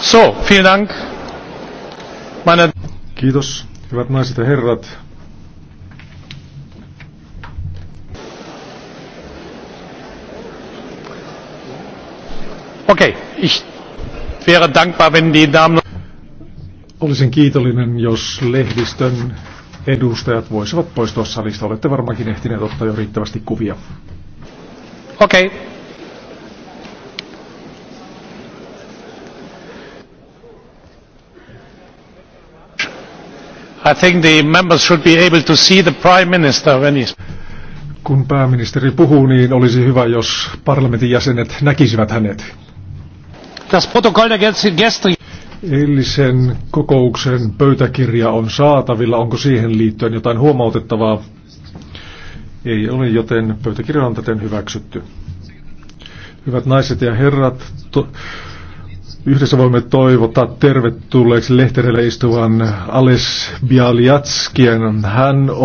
So, vielen Dank. Meine Kiitos, hyvät naiset ja herrat. Okei, okay, ich wäre dankbar, wenn die Damen... Olisin kiitollinen, jos lehdistön edustajat voisivat poistua salista. Olette varmaankin ehtineet ottaa jo riittävästi kuvia. Okei. Okay. I think the members should be able to see the prime minister when Kun pääministeri puhuu, niin olisi hyvä, jos parlamentin jäsenet näkisivät hänet. Das Protokoll der Eilisen kokouksen pöytäkirja on saatavilla. Onko siihen liittyen jotain huomautettavaa? Ei ole, joten pöytäkirja on täten hyväksytty. Hyvät naiset ja herrat, to- Yhdessä voimme toivottaa tervetulleeksi lehterelle istuvan Ales Bialyatskin. Hän on